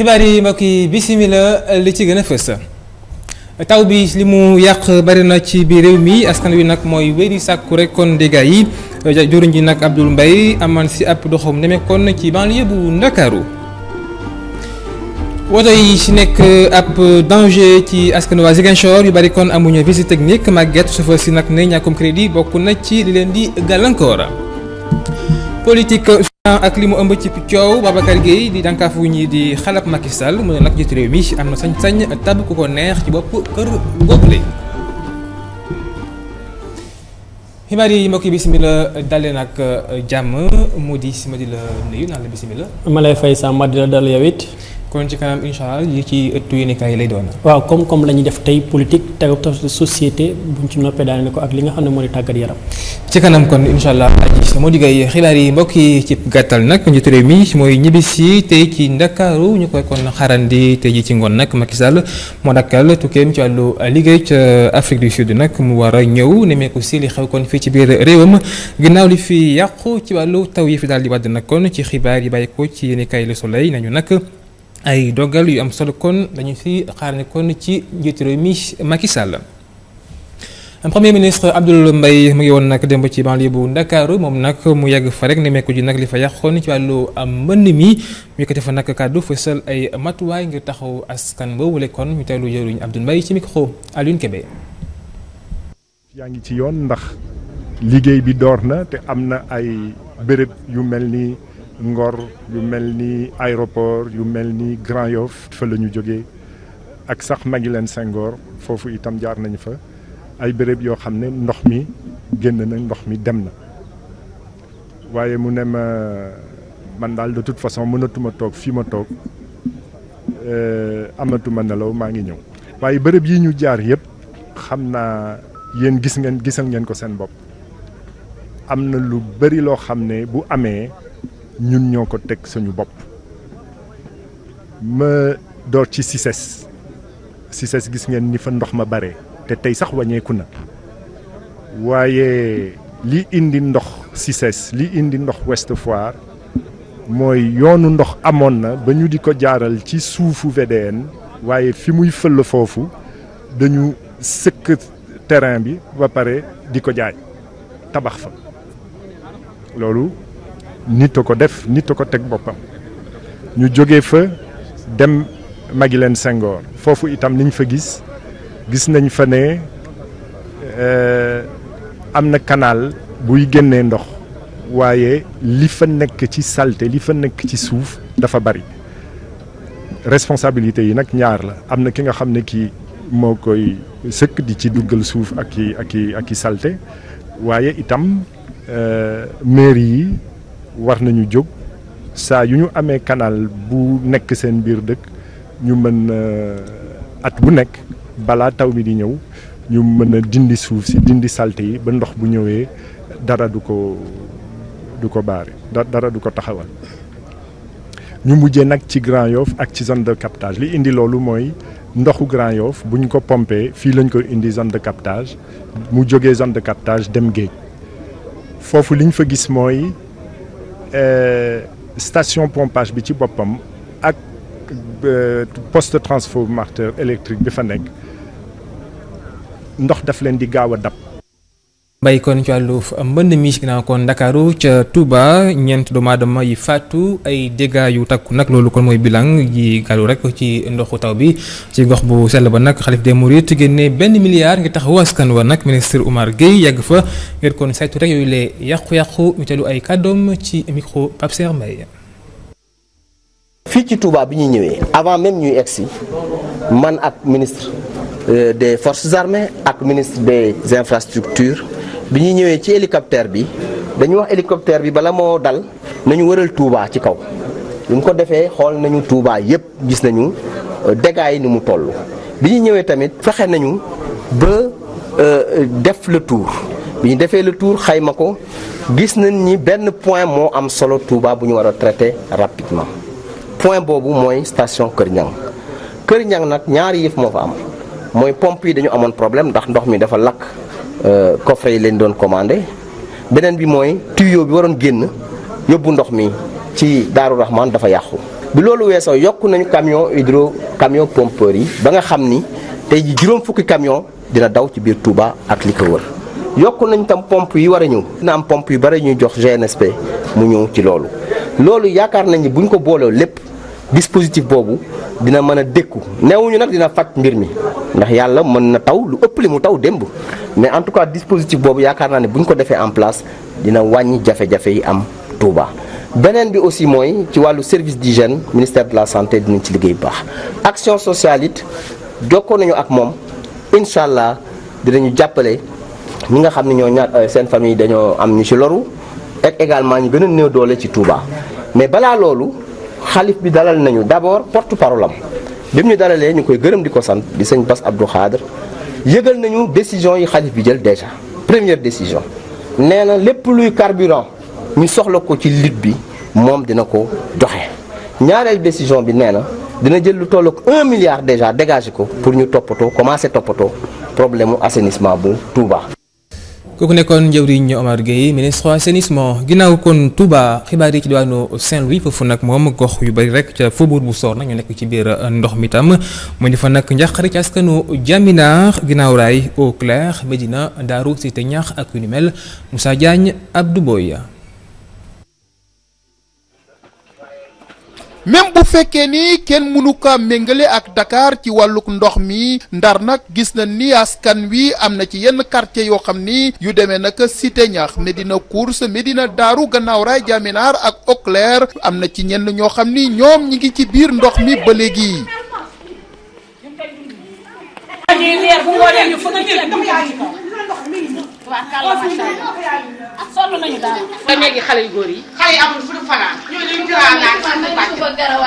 xibaar yi mbokk yi bisimila li ci gën a fës taw bi li mu yàq bari na ci biir réew mii askan wi nag mooy wéy di sàkku rek kon dégâts yi joriñ ji nag Abdoul mbay aman si ab doxam nemekkoon ci banlieue bu Ndakaaru woto yi si nekk ab danger ci askan waa Ziguinchor yu bari kon amuñu visite technique màgget sufa si nag ne ñàkkum crédit bokk na ci li leen di gàllankoor politique ak li mu ëmb ci coow Babacar Gueye di dànkaafu ñi di xalab Macky Sall mu ne nag jiitu réew mi am na sañ-sañ tabb ku ko neex ci bopp kër boobule. xibaar yi mbokk yi bisimilah dalee nag jàmm mu di ma di la nuyu naan la bisimilah. ma fay sàmm di la dal yow kon ci kanam incha allah ci ëttu yéenekaay yi lay doon. waaw comme comme la ñuy def tey politique tawta société buñ ci noppee daaneel ko ak li nga xam ne moo di tàggat yaram. ci kanam kon incha allah aji moo diggay yi mbokk yi ci gàttal nag njiitu réew mi mooy ñibbisi tey ci ndakaaru ñu koy kon xarandi tey ji ci ngoon nag Macky Sall moo dakkal tukkeem ci wàllu liggéey ca Afrique du Sud nag mu war a ñëw nemmeeku si li xew kon fii ci biir réewam ginnaaw li fii yàqu ci wàllu taw yi fi daal di wàdd na kon ci xibaar yi bàyyi ko ci yéenekaay Le Soleil nañu nag. ay dogal yu am solo kon dañu fi xaar ne kon ci njiitu réew mi Macky Sall premier ministre Abdoul mbay mu ngi woon nag démb ci banlieue bu Ndakaaru moom nag mu yàgg fa rek ne meeku ji nag li fa yàqoon ci wàllu mbënn mi mu yëkkati fa nag kàddu fësal ay matuwaay ngir taxaw askan boobule kon ñu teewlu jëruñ Abdoul Mbaye ci micro Alioune Kébé. yaa ngi ci yoon ndax liggéey bi door na te am na ay béréb Ngor yu mel ni aéroport yu mel ni Grand Yoff fa la ñu ak sax Maguilène Senghor foofu itam jaar nañ fa ay bërëb yoo xam ne ndox mi génn na ndox mi dem na waaye mu ne ma man daal de toute façon mënatuma toog fii ma toog eh, amatuma nelaw maa ngi ñëw waaye bërëb yi ñu jaar yépp xam naa yéen gis ngeen gisal ngeen ko seen bopp am na lu bari loo xam ne bu amee ñun ñoo ko teg suñu bopp ma door ci CICES CICES gis ngeen ni fa ndox ma bare te tey sax wàññeeku na waaye li indi ndox CICES li indi ndox west Foire mooy yoonu ndox amoon na ba ñu di ko jaaral ci suufu VDN waaye fi muy fël foofu dañu sëkk terrain bi ba pare di ko jaay tabax fa loolu nit a ko def nit a ko teg boppam ñu jóge fa dem Maguilène Senghor foofu itam liñ fa gis gis nañ fa ne euh, am na kanaal buy génnee ndox waaye li fa nekk ci salte li fa nekk ci suuf dafa bari responsabilité yi nag ñaar la am na ki nga xam ne kii moo koy sëkk di ci duggal suuf ak i ak i ak i salte waaye itam euh, mairie yi war nañu jóg saa yu ñu amee canal bu nekk seen biir dëkk ñu mën euh, at bu nekk balaa taw bi di ñëw ñu mën a dindi suuf si dindi salte yi ba ndox bu ñëwee dara du ko du ko baare dara du ko taxawal ñu mujjee nag ci Grand Yoff ak ci zone de captage li indi loolu mooy ndoxu Grand Yoff bu ñu ko pompee fii lañ ko indi zone de captage mu jógee zone de captage dem géej foofu liñ fa gis mooy Euh, station pompage bi ci boppam ak euh, poste transformateur électrique bi fa nekk ndox daf leen di gaaw a dab bàyyi kon ci wàllu mbënd mi ginnaaw kon Ndakaaru ca Touba ñeent doomu aadama yi faatu ay dégâts yu takku nag loolu kon mooy bilan yi gàllu rek ci ndoxu taw bi ci gox bu sell ba nag xalif des mourides génne benn milliard ngi taxawu askan wa nag ministre Oumar Gueye yegg fa ngir kon saytu rek yooyu lee yàqu-yàqu ñu ay kàddoom ci micro Pape Serre Mbaye ci Touba bi ñuy ñëwee avant même ñuy egsi man ak ministre euh, des forces armées ak ministre des infrastructures bi ñuy ñëwee ci hélicoptère bi dañu wax hélicoptère bi bala moo dal nañu wëral Touba ci kaw bi mu ko defee xool nañu Touba yépp gis nañu euh, dégâts yi ni mu toll bi ñu ñëwee tamit fexe nañu ba euh, def le tour bi ñu defee le tour xayma ko gis nañ ni benn point moo am solo Touba bu ñu war a traiter rapidement point boobu mooy station Kër Ñang Kër Ñang nag ñaari yëf moo fa am mooy pompe yi dañu amoon problème ndax ndox mi dafa lakk. Euh, coffre yi leen doon commandé beneen bi mooy tuyau bi waroon génn yóbbu ndox mi ci Daaru Rahman dafa yàqu. bi loolu weesoo yokk nañu camion hydro camion pompeur yi ba nga xam ni tey ji juróom fukki camion dina daw ci biir Touba ak li ko wër yokk nañ tam pompe yi war a ñëw dina am pompe yu bari ñuy jox GNSP mu ñëw ci loolu loolu yaakaar nañ ni buñ ko booloo lépp. dispositif boobu dina mën a dékku neewuñu nag dina faj mbir mi ndax yàlla mën na taw lu ëpp li mu taw démb mais en tout cas dispositif boobu yaakaar naa ne bu ñu ko defee en place dina wàññi jafe-jafe yi am Touba. beneen bi aussi mooy ci wàllu service di jeune ministère de la santé dinañ ci liggéey bu baax action sociale it jokkoo nañu ak moom incha allah dinañu jàppale ñi nga xam ne ñoo ñaar euh, seen famille dañoo am ñu ci loru ak également ñu gën a néew doole ci Touba xalif bi dalal nañu d'abord porte parole am bi ñu dalalee ñu koy gërëm di ko sant di sañ Bass Abdou Khadre yëgal nañu décision yi xalif bi jël déjà première décision nee na lépp luy carburant ñu soxla ko ci lutte bi moom dina ko joxe ñaareel décision bi nee na dina jël lu toll ak un milliard déjà dégagé ko pour ñu toppatoo commencer toppatoo problème mu assainissement bu Touba. kooku nekkoon njëwriñ Omar Gueye ministre assainissement ginnaaw kon Touba xibaar yi ci diwaanu Saint-Louis foofu nag moom gox yu bari rek ca faubourg bu Sorna ñu nekk ci biir euh, ndox mi tam mu ñu fa nag njàqare ci askanu Jaminaar ginnaaw raay Eau Claire Médina Daaru Cité ñaax ak yu ni mel Moussa Diagne Abdou ya même bu fekkee ni kenn mënu ko méngale ak dakaar ci wàlluk ndox mi ndar nag gis na ni askan wi am na ci yenn quartier yoo xam ni yu demee nag Cité Ñax Médina Course Médina Daaru Gannaaw Raay Jaminaar ak Eau Claire am na ci ñenn ñoo xam ni ñoom ñi ngi ci biir ndox mi ba léegi. waaw ah, ba ñu fanaan.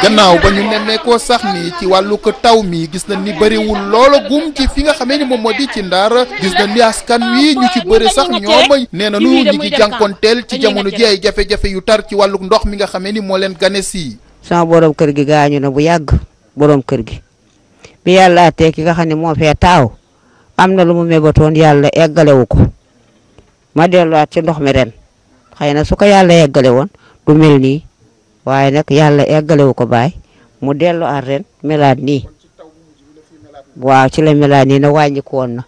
gannaaw ba ñu nemmeekoo sax mi ci wàllu taw mi gis nañ ni bëriwul loola gum ci fi nga xamee ni moom moo di ci Ndar gis nañ ni askan wi ñu ci bëri sax ñoom nee na ñu ngi jànkonteel ci jamono ji ay jafe-jafe yu tar ci wàllu ndox mi nga xamee ni moo leen gane si. sama borom kër gi gaañu na bu yàgg borom kër gi bi yàlla àttee ki nga xam ne moo fee taaw am na lu mu mébatoon yàlla eggalewu ko ma delluwaat ci ndox mi ren xëy na su ko yàlla yeggale woon du mel nii waaye nag yàlla eggalewu ko baay mu delluwaat ren melaat nii waaw ci la melaat nii na wàññiku woon na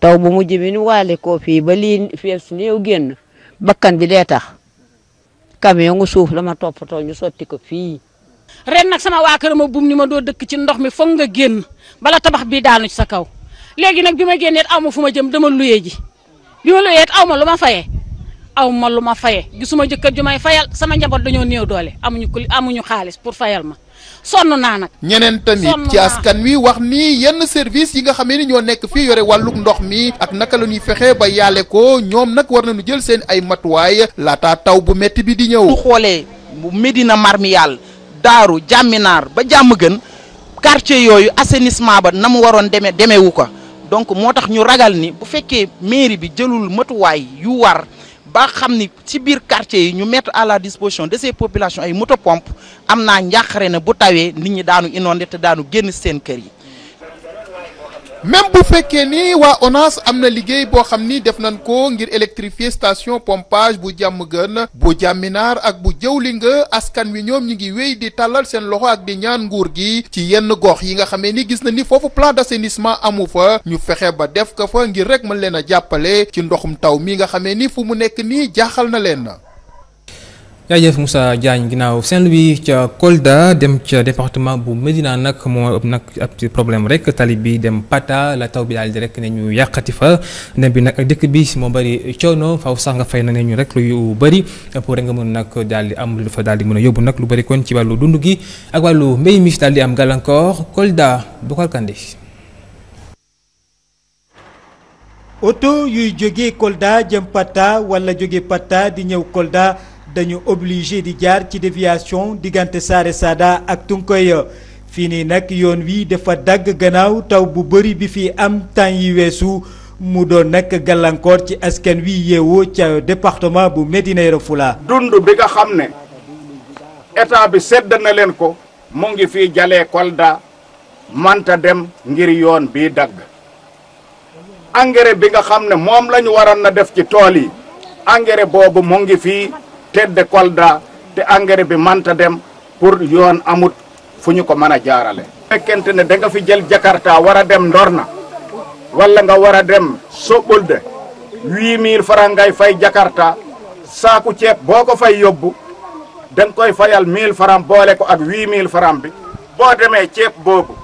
taw bu mujj bi nu waale koo fii ba lii fees néew génn bakkan bi dee tax camion ngu suuf la ma toppatoo ñu sotti ko fii. ren nag sama waa ma bum ni ma doo dëkk ci ndox mi foog nga génn bala tabax bii daanu ci sa kaw léegi nag bi ma génnee amu fu ma jëm dama luyee ji. bi ma looyee it aw ma lu ma fayee aw ma lu ma fayee suma jëkkër ju may fayal sama njaboot dañoo néew doole amuñu ku amuñu xaalis pour fayal ma sonn naa nag. ñeneen tamit ci askan wi wax ni yenn service yi nga xamee ni ñoo nekk fii yore wàlluk ndox mi ak naka la ñuy fexe ba yàlle ko ñoom nag war na nañu jël seen ay matuwaay laataa taw bu metti bi di ñëw. bu xoolee Médina Marmiyal Daaru Jàmminaar ba jàmm gën quartier yooyu assainissement ba na mu waroon demee demeewu ko. donc moo tax ñu ragal ni bu fekkee mairie bi jëlul matuwaay yu war ba xam ni ci biir quartier yi ñu mettre à la disposition de ces populations ay moto pomp am naa njàqare ne bu tawee nit ñi daanu inondé te daanu génn seen kër yi même bu fekkee ni waa ONAS am na liggéey boo xam ni def nañ ko ngir électrifier station pompage bu jàmm gën bu jàmminaar ak bu jëw li nga askan wi ñoom ñi ngi wéy di tàllal seen loxo ak di ñaan nguur gi ci yenn gox yi nga xamee ni gis na ni foofu plan d'assainissement amu fa ñu fexe ba def ko fa ngir rek mën leen a jàppale ci ndoxum taw mii nga xamee ni fu mu nekk nii jaaxal na leen jaajëf Moussa Diagne ginnaaw Saint-Louis ca Kolda dem ca département bu Médina nag moo ëpp nag ab problème rek tali bi dem Pata la taw bi daal di rek ne ñu yàqati fa dem bi nag ak dëkk bi si moo bari coono faw sax nga fay na ne ñu rek lu bari pour nga mën nag daal di am lu fa daal di mën a yóbbu nag lu bëri kon ci wàllu dund gi ak wallu mbéy mi daal di am gàllankoor Kolda Bokar Kandé. oto yuy jóge Kolda jëm Pata wala jóge Pata di ñëw Kolda. dañu obligé di jaar ci déviation diggante Saare Sada ak Tunkoya fii nii nag yoon wi dafa dagg gannaaw taw bu bari bi fi am temps weesu mu doon nag gàllankoor ci askan wi yeewoo ca département bu Médina Yoro Foulah. dund bi nga xam ne état bi sedd na leen ko mu ngi fi jalee Kolda manta dem ngir yoon bii dagg engrais bi nga xam ne moom lañu ñu waroon na def ci tool yi engrais boobu mu ngi fii. tedde Kolda te engrais bi manta dem pour yoon amut fu ñu ko mën a jaarale fekkente ne da nga fi jël Jakarta war a dem Ndorna wala nga war a dem Soɓolde huit mille francs ngay fay Jakarta saaku ceeb boo ko fay yóbbu da koy fayal mille francs boole ko ak huit mille francs bi boo demee ceeb boobu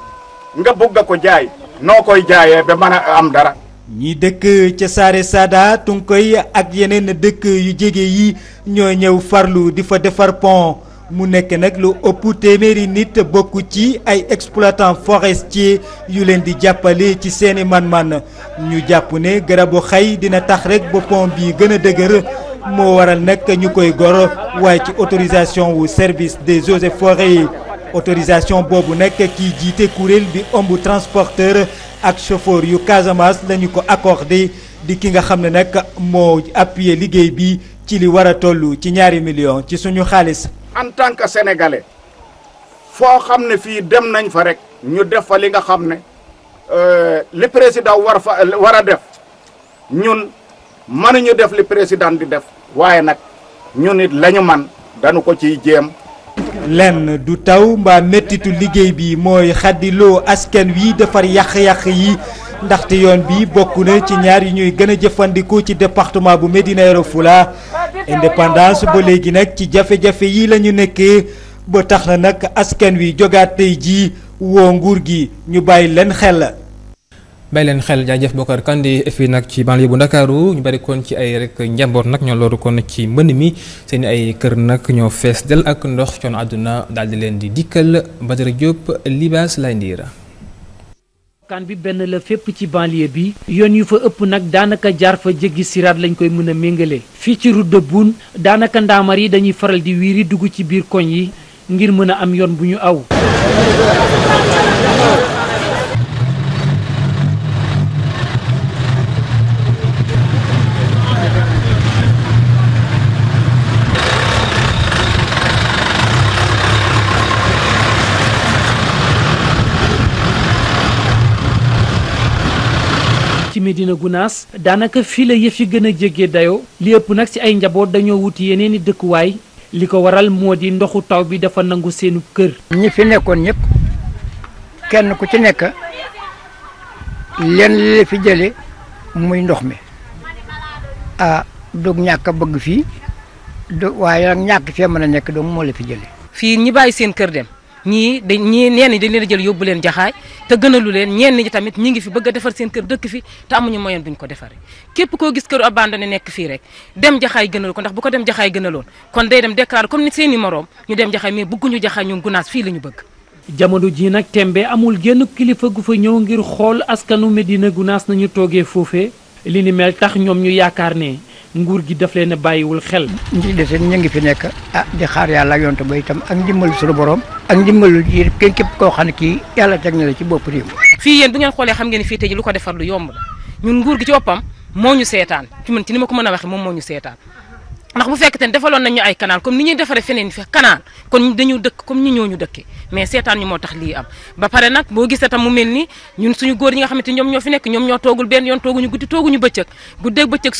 nga bugg a ko jaay noo koy jaayee ba mën a am dara ñi dëkk ca Saare Sada Tunkoy ak yeneen dëkk yu jege yi ñoo ñëw farlu di fa defar pont mu nekk nag lu ëpp téeméeri nit bokk ci ay exploitants ci yu leen di jàppale ci seeni man-man ñu jàpp ne garabu xay dina tax rek ba bi gën a dëgër moo waral nag ñu koy gor waaye ci autorisation wu service des eaux et forêts autorisation boobu nekk kii jiite kuréel bi ëmb transporteur ak chauffeur yu Casamance la ko accordé di ki nga xam ne nag moo appuyé liggéey bi ci li war a toll ci ñaari millions ci suñu xaalis. en tant que sénégalais foo xam ne fii dem nañ fa rek ñu def fa li nga xam ne euh, li président war fa war a def ñun mënuñu def li président di def waaye nag ñun it la man dañu ko ciy jéem. lenn du taw mbaa méttitu liggéey bi mooy xaddiloo askan wi defar yàq-yàq yi ndaxte yoon bi bokk na ci ñaar yu ñuy gën a jëfandikoo ci département bu Médina Yoro Foulah indépendance ba léegi nag ci jafe-jafe yi la ñu nekkee ba tax na nag askan wi jogaat tey jii woo nguur gi ñu bàyyi leen xel. bàyyi leen xel jaajëf Bokar Kandi fii nag ci banlieue bu Ndakaaru ñu bari kon ci ay rek njaboot nag ñoo loru kon ci mbënn mi seen ay kër nag ñoo fees del ak ndox coono àdduna daal di leen di dikkal Badara Diop Libaas lay ndiira kan bi benn la fépp ci banlieue bi yoon yu fa ëpp nag daanaka jaar fa jéggi siraat lañ koy mën a méngale fii ci route de daanaka ndaamar yi dañuy faral di wiiri dugg ci biir koñ yi ngir mën a am yoon bu ñu aw Médina gunaas daanaka fii la yëf yi gën a jege dayoo li ëpp nag ci ay njaboot dañoo wuti yeneen i dëkkuwaay li ko waral moo di ndoxu taw bi dafa nangu seenu kër. ñi fi nekkoon ñëpp kenn ku ci nekk leen li fi jëlee muy ndox mi ah dug ñàkk a bëgg fii du waaye nag ñàkk fee mën a nekk dong moo la fi jëlee. fii ñi bàyyi seen kër dem. ñii dañ ñii ñenn ñi dañ leen jël yóbbu leen jaxaay te gënalu leen ñenn ñi tamit ñi ngi fi bëgg a defar seen kër dëkk fi te amuñu moyen duñ ko defaree képp koo gis këru abandonné nekk fii rek dem jaxaay gënal ko ndax bu ko dem jaxaay gënaloon kon day dem déclaré comme ni seen i moroom ñu dem jaxaay mais bëgguñu jaxaay ñun gunaas fii la ñu bëgg jamono ji nag tembe amul genn kilifa gu fa ñëw ngir xool askanu Medina Gunaas nañu toogee foofe li ni mel tax ñoom ñu yaakaar ne nguur gi daf leen a bàyyiwul xel. ñi ci des ñu ngi fi nekk ah di xaar yàlla ak yonent ba itam ak ndimbalu suñu borom. ak ndimbalu ji kenn képp koo xam ne kii yàlla teg na la ci bopp réew. fii yéen bu ngeen xoolee xam ngeen ne fii tey ji lu ko defar lu yomb la ñun nguur gi ci boppam moo ñu seetaan ci man ci ni ma ko mën a waxee moom moo ñu seetaan ndax bu fekkee ne defaloon nañ ñu ay canal comme ni ñuy defaree feneen fi canal kon dañu dëkk comme ñu ñoo ñu dëkkee seetaan ñu moo tax lii am ba pare nag boo gisee tam mel ni ñun suñu góor ñi nga xamante ñoom ñoo fi nekk ñoom ñoo toogul benn yoon tooguñu guddi tooguñu bëccëg guddeeg bëccëg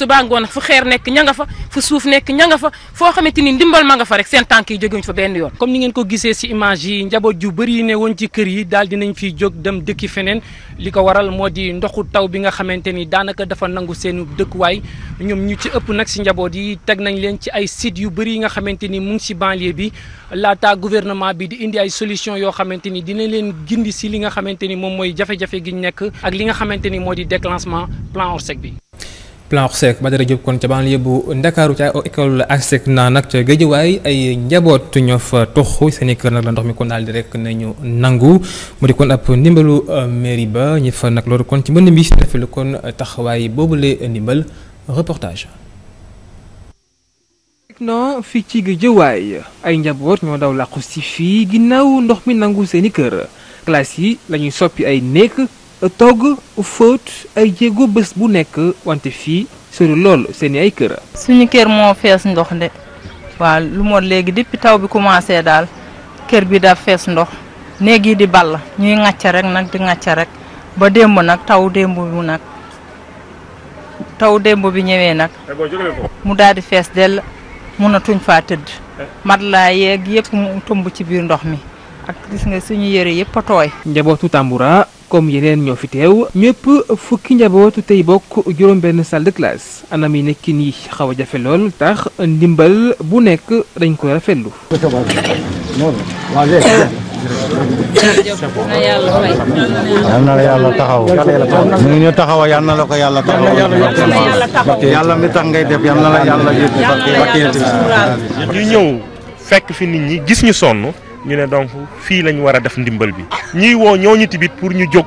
ni ndimbal ma nga fa rek seen tànk yi jógewuñ fa benn yoon comme ni ngeen ko gisee ci image yi njaboot ju bëri yi ne woon kër yi daal dinañ fiy jóg dem dëkki feneen li ko waral moo di ndoxu taw bi nga xamante ni daanaka dafa nangu seenu dëkkuwaay ñoom ñu ci ëpp nag ci njaboot yi teg nañ leen ci ay sites yu bëri yi nga xamante ni mu ngi si banlieue bi laata gouvernement bi di indi ay solution yoo xamante ni dina leen gindi si li nga xamante ni moom mooy jafe-jafe gi ñu nekk ak li nga xamante ni moo di déclancement plan Orsec bi. plan Orsec Badara Diop kon ca banlieue bu Ndakaaru ca école Assec naa nag ca Géejawaay ay njaboot ñoo fa tox seen i kër nag la ndox mi kon daal di rek nañu nangu mu di kon ab ndimbalu euh, mairie ba ñi fa nag loolu kon ci mbënd bi def lu kon taxawaay boobule ndimbal non fii ci gi jëwaay ay njaboot ñoo daw làqu si fii ginnaaw ndox mi nangu seeni kër classe yi lañuy soppi ay néeg togg fóot ay jéego bés bu nekk wante fii sori lool seeni ay kër. suñu kër moo fees ndox de waaw lu moo léegi depuis taw bi commencé daal kër bi daf fees ndox néeg yi di ball ñuy ŋàcc rek nag di ŋàcc rek ba démb nag taw démb bi nag taw démb bi ñëwee nag eh, mu daal di fees dell. mënatuñ faa tëdd matelas yeeg yëpp mu tomb ci biir ndox mi ak gis nga suñu yére yëpp a tooy njabootu Tamboura comme yeneen ñoo fi teew mépp fukki njabootu tey bokk juróom benn salle de classe anam yi nekkin yi xaw a jafe lool tax ndimbal bu nekk dañ koy rafetlu yal na la yàlla taxaw taxaw yal na la ko yàlla taxaw yàlla ngay def yal ñëw fekk fi nit ñi gis ñu sonn ñu ne donc fii lañ war a def ndimbal bi ñuy woo ñooñu tamit pour ñu jóg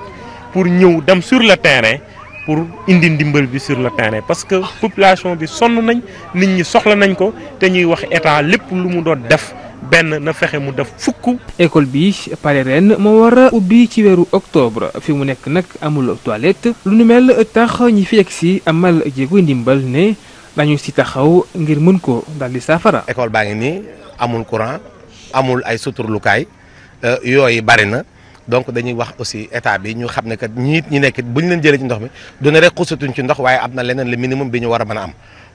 pour ñëw dem sur le terrain pour indi ndimbal bi sur le terrain parce que population bi sonn nañ nit ñi soxla nañ ko te ñuy wax état lépp lu mu doon def benn na fexe mu def fukk. école bi pare ren moo war a ubbi ci weeru octobre fi mu nekk nag amul toilette lu nu mel tax ñi fi yegg si amal jéego ndimbal ne dañu si taxaw ngir mën ko daal di saafara. école baa ngi nii amul courant amul ay suturlukaay euh, yooyu bari na. donc dañuy wax aussi état bi ñu xam ne kat ñiit ñi nekk bu ñu leen jëlee ci ndox mi du ne rek xusatuñ ci ndox waaye am na leneen le minimum bi ñu war a mën a am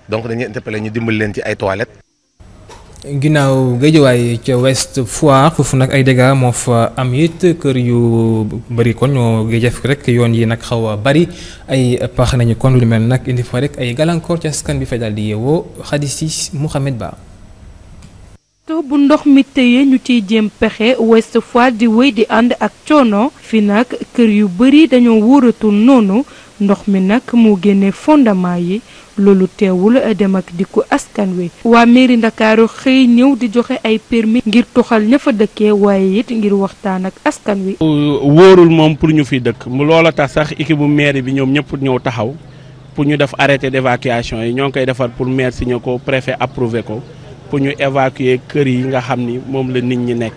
donc dañuy interpellé ñu dimbali leen ci ay toilettes. ginnaaw géejuwaay ca West Foire foofu nag ay dégâts moo fa am it kër yu bëri kon ñoo géejëf rek yoon yi nag xaw a bëri ay pax nañu kon lu mel nag indi fa rek ay gàllankoor ci askan bi fay daal di yeewoo xadis yi Mouhamed Ba. to ndox mi tëye ñu ciy jéem pexe West Foire di wéy di ànd ak coono fi nag kër yu bëri dañoo wóoratul noonu ndox mi nag moo génne fondament yi. loolu teewul dem ak dikku askan wi waa mairie ndakaaru xëy ñëw di joxe ay permis ngir toxal ña fa dëkkee waaye it ngir waxtaan ak askan wi. wóorul moom pour ñu fi dëkk mu loola tax sax équipe bu mairie bi ñoom ñëpp ñëw taxaw pour ñu def arrêté d' évacuation yi ñoo ngi koy defar pour maire signé ko préfet approuvé ko pour ñu évacuer kër yi nga xam ni moom la nit ñi nekk.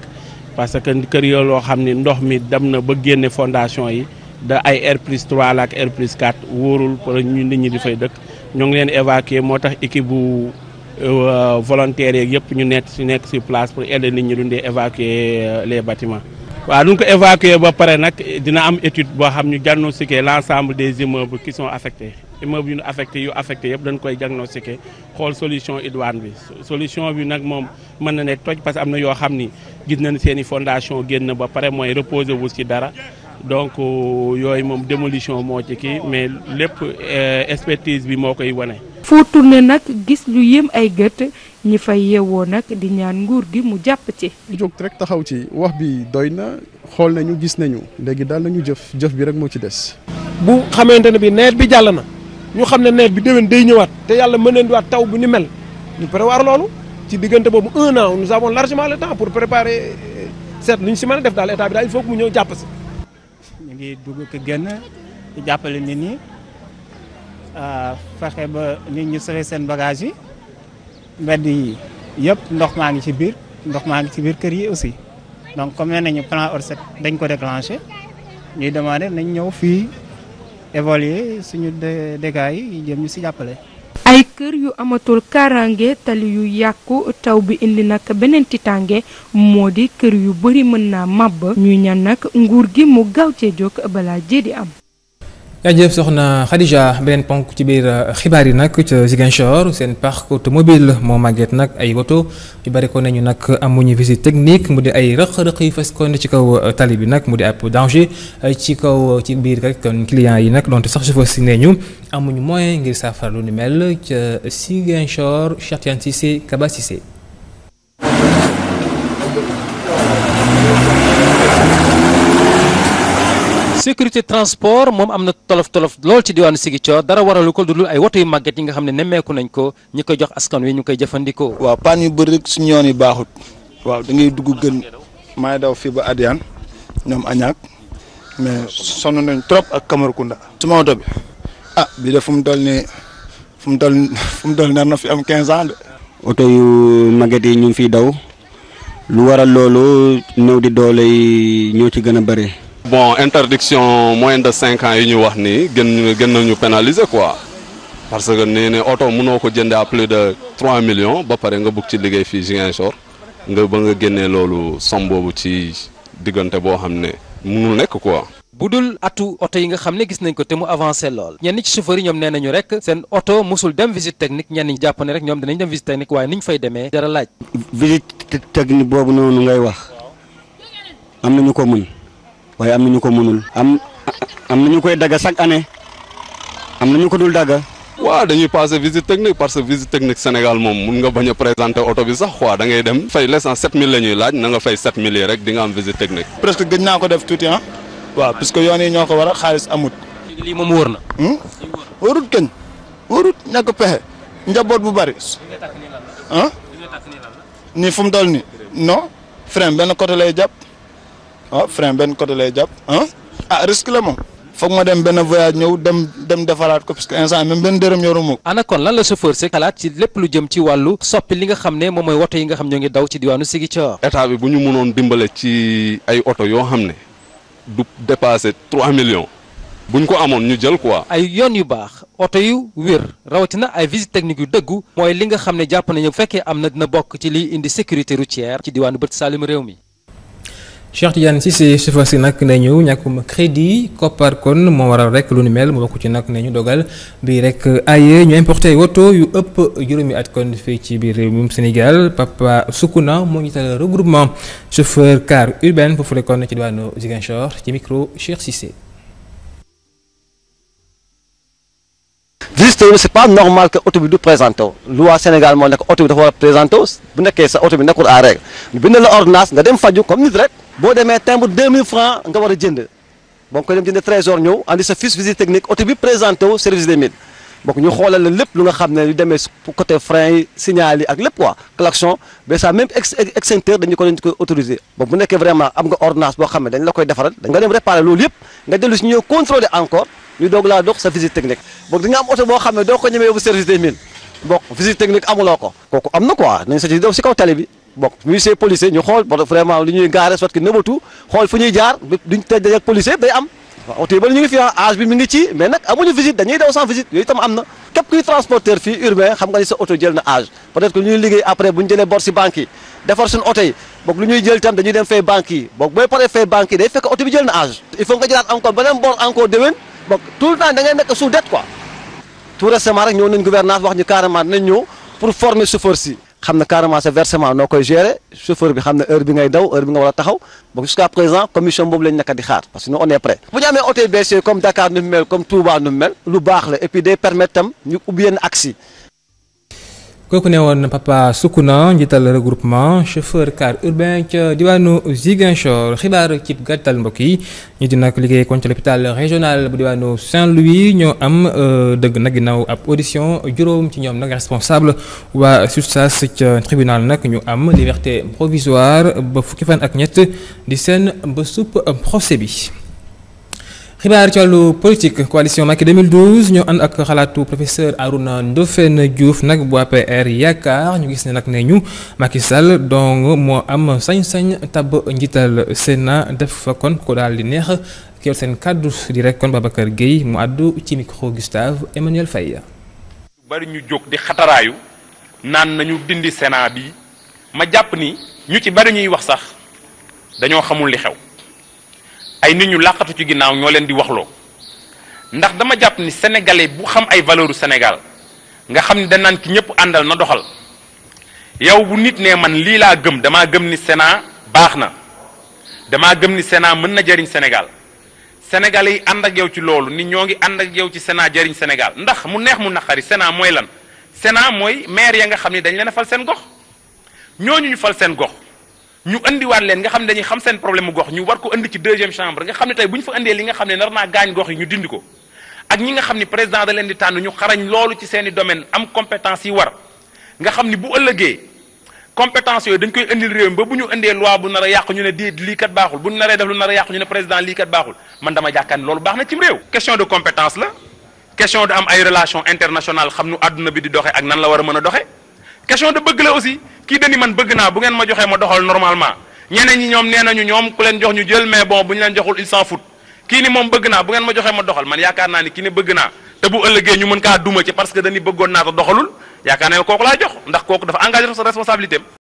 parce que kër yoo loo xam ni ndox mi dem na ba génne fondation yi da ay R plus 3 la ak R plus ñu nit ñi di fay dëkk. ñoo ngi leen évacuer moo tax équipe bu euh, volontaires yeeg yëpp ñu nekk si nekk si place pour aider ñu ñi dundee évacuer euh, les bâtiments. waaw duñ ko évacuer ba pare nag dina am étude boo xam ñu diagnostiquer l' ensemble des immeubles qui sont affectés immeubles yu ñu affecté yu affecté yëpp dañ koy diagnostiquer xool solution idoine bi solution bi nag moom mën na nekk toj parce que am na yoo xam ni gis nañ seen i fondation génn ba pare mooy reposer bu si dara. donc euh, yooyu moom démolition moo ci kii mais lépp euh, expertise bi moo koy wane. foo tourné nag gis lu yéem ay gët ñi fay yeewoo nag di ñaan nguur gi mu jàpp ci. jóg rek taxaw ci wax bi doy na xool nañu gis nañu léegi daal nañu jëf jëf bi rek moo ci des. bu xamante ne bi nawet bi jàll na ñu xam ne nawet bi déwén day ñëwaat te yàlla mën leen di waat taw bu ni mel ñu prévoir loolu ci diggante boobu un an nous avons largement le temps pour préparer euh, seet lu ñu si mën a def daal état bi daal ñëw jàpp si. ñu ngi dugg ko génn di jàppale nit ñi euh, fexe ba nit ñi sori seen bagage yi mbedd yi yëpp ndox maa ngi si biir ndox maa ngi si biir kër yi aussi donc comme nee nañu plan ORSEC dañ ko déclenché ñuy demandé nañ ñëw fii évaluer suñu dégâts yi jëm ñu si jàppale. ay kër yu amatul kaaraange tali yu yàqu taw bi indi nag beneen tiitaange moo di kër yu bari mën naa màbb ñuy ñaan nag nguur gi mu gaaw cee jóg bala jee di am. jaajëf soxna Khadija beneen ponk ci biir euh, xibaar yi nag ca Ziguinchor seen parc automobile moo màgget nag ay woto yu bari ko nañu nag amuñu visite technique mu di ay rëq-rëq yu fes kon ci kaw euh, tali bi nag mu di ab danger ci kaw euh, ci biir rek kon clients yi nag donte sax chauffeur si nee ñu amuñu moyen ngir saafara lu ni mel ca Ziguinchor Cheikh Tidiane Cissé Kaba Cissé sécurité transport moom am na tolof tolof lool ci diwaanu Ziguinchor dara waralu ko lu dul ay woto yu màgget yi nga xam ne nemmeeku nañ ko ñi koy jox askan wi ñu koy jëfandikoo. waaw paan yu bëri rek su yoon yi baaxut. waaw da ngay dugg gën maay daw fii ba Adiane ñoom Añaak mais sonn nañ trop ak Kamarkunda. suma woto bi ah bi de fu mu toll nii fu mu toll fu mu toll nar na fi am 15 ans de. oto yu màgget yi ñu ngi fiy daw lu waral loolu néew di doole yi ñoo ci gën a bëri. bon interdiction moins de cinq ans yi ñu wax nii gën gën nañu pénaliser quoi parce que nee ne oto mënoo ko jënde à plus de trois millions ba pare nga bugg ci liggéey fii Ziguinchor nga ba nga génnee loolu som boobu ci diggante boo xam ne mënul nekk quoi. bu dul atu oto yi nga xam ne gis nañ ko te mu avancé lool ñenn ci chauffeur ñoom nee nañu rek seen oto musul dem visite technique ñenn ñi jàpp ne rek ñoom dinañ dem visite technique waaye ni ñu fay demee dara laaj. visite technique boobu noonu ngay wax am ko mën. waaye am na ñu ko mënul am am na ñu koy dagga chaque année am na ñu ko dul dagga waaw dañuy passé visite technique parce que visite technique Sénégal moom mun nga bañ a présenter oto bi sax quoi da ngay dem fay l'essence 7000 la ñuy laaj na nga fay 7000 yi rek di nga am visite technique. presque gëj naa ko def tuuti ah. waaw parce que yoon yi ñoo ko war a xaalis amut. lii moom wóor na. Hmm? wóorut kañ wóorut ñàkk pexe njaboot bu bari. ah. nii fu mu toll nii non frein benn côté lay jàpp. ah frein benn côté lay jàpp ah ah risque la moom. foog ma dem benn voyage ñëw dem dem defaraat ko parce que instant même benn dërëm yoru ma ko. ana kon lan la chauffeur si xalaat ci lépp lu jëm ci wàllu soppi li nga xam ne moom mooy oto yi nga xam ñoo ngi daw ci diwaanu Ziguinchor. état bi bu ñu mënoon dimbale ci ay oto yoo xam ne du dépassé 3 millions. bu ñu ko amoon ñu jël quoi. ay yoon yu baax oto yu wér rawatina ay visite technique yu dëggu mooy li nga xam ne jàpp nañu bu fekkee am na dina bokk ci liy indi sécurité routière ci diwaanu bët Saloum réew mi. Cheikh Tidiane Cissé si si nag nañu ñàkkum crédit koppar kon moo waral rek lu ni mel mu bokk ci nag nañu dogal bii rek ay ñu importé woto yu ëpp juróomi at kon fii ci biir réewum Sénégal Papa na moo njiital regroupement chauffeur car urbain foofu kon ci diwaanu Ziguinchor ci micro Cheikh Cissé. visite wu c'est pas normal que oto bi du présenté lu waa Sénégal moo nekk oto bi dafa war a bu nekkee sa oto bi nekkul à règle ñu bind nga dem faju comme nit boo demee timbre 2000 francs nga war a jënd boo ko dem jënd trésor ñëw andi sa fiche technique oto bi présenté wu service des mines ñu xoolal la lépp lu nga xam ne lu demee côté frein yi signal yi ak lépp quoi klaxon mais ça même extincteur dañu ko dañu koy bu nekkee vraiment am nga ordonnance boo xam ne dañ la koy defaral da nga dem réparer loolu yëpp nga dellu si ñëw contrôler encore ñu doog laa dox sa visite technique boog di nga am oto boo xam ne doo ko ñemee yóbbu service des mines tali bi bokk ñuy see policier ñu xool parce que vraiment li ñuy gaare soit que nëbatu xool fu ñuy jaar duñ tëj dajeeg policier day am waaw oto yi ba ñu ngi fi ah, âge bi mi ngi ci mais dañuy daw sans visite yooyu itam am na képp kuy transporteur fii urbain xam nga ni sa oto jël na âge peut-être que lu ñuy liggéey après bu ñu jëlee si banque yi defar suñu oto yi boog lu ñuy jël itam dañuy dem fay banque yi boog booy paree fay banque yi day fekk oto bi jël na âge il faut nga jëlaat encore beneen bor encore déwén xam na carrément sa versement noo koy gérer chauffeur bi xam na heure bi ngay daw heure bi nga war a taxaw ba jusqu'à présent commission boobu lañ nekk di xaar parce que nous on est prêt bu ñu bees yooyu comme Dakar nu mu comme Touba nu mel lu baax la et puis day permettre tam ñu ubbi yenn axe kooku ne woon Papa Soukouna njiital regroupement chauffeur car urbain ca diwaanu Ziguinchor xibaar cib gàttal mbokk yi ñu di nag liggéey kon ca l'hôpital régional bu diwaanu Saint-Louis ñoo am euh, dëgg nag ginnaaw ab audition juróom ci ñoom nag responsable waa SUTSAS ca tribunal nag ñu am liberté provisoire ba fukki fan ak ñett di seen ba supp procès bi xibaar ci wàllu politique coalition Macky 2012 ñoo ànd ak xalaatu professeur Arouna na Diouf nag bu APR yaakaar ñu gis ne nag ne ñu Macky Sall donc moo am sañ-sañ tab njiital Sénat def fa kon ko daal di neex ki yor seen kàddu di kon kon kër Gueye mu àddu ci micro Gustave Emmanuel Faye. bari ñu jóg di xataraayu naan nañu dindi Sénat bi ma jàpp ni ñu ci bari ñuy wax sax dañoo xamul li xew. ay nit ñu làqatu ci ginnaaw ñoo leen di waxloo ndax dama jàpp ni sénégalais bu xam ay valeur u Sénégal nga xam ni danaan ki ñëpp àndal na doxal yow bu nit nee man lii laa gëm damaa gëm ni Sénat baax na damaa gëm ni Sénat mën na jariñ senegal sénégalais yi ànd ak yow ci loolu nit ñoo ngi ànd ak yow ci Sénat jëriñ senegal ndax mu neex mu naqari Sénat mooy lan Sénat mooy maire ya nga xam ni dañ leen a fal seen gox ñooñu ñu fal seen gox ñu andiwaat leen nga xam ne dañuy xam seen problème mu gox ñu war ko andi ci deuxième chambre nga xam ne tey bu ñu fa andee li nga xam ne nar naa gaañ gox yi ñu dindi ko ak ñi nga xam ni président da leen di tànn ñu xarañ loolu ci seen i domaine am compétence yi war nga xam ni bu ëllëgee compétence yooyu dañ koy indil réew mi ba bu ñu indee loi bu nar a yàqu ñu ne déet lii kat baaxul bu ñu naree def lu nar a yàqu ñu ne président lii kat baaxul man dama jàkkaan loolu baax na cim réew. question de compétence la question de am xam nu àdduna bi di doxee ak nan la mën a doxee question de bëgg la aussi kii dañu man bëgg naa bu ngeen ma joxee ma doxal normalement ñeneen ñi ñoom nee nañu ñoom ku leen jox ñu jël mais bon bu ñu leen joxul il s'en fout kii ni moom bëgg naa bu ngeen ma joxee ma doxal man yaakaar naa ni kii ne bëgg naa te bu ëllëgee ñu mën kaa duma ci parce que dañu bëggoon naa te doxalul yaakaar naa ne laa jox ndax kooku dafa engagé sa responsabilité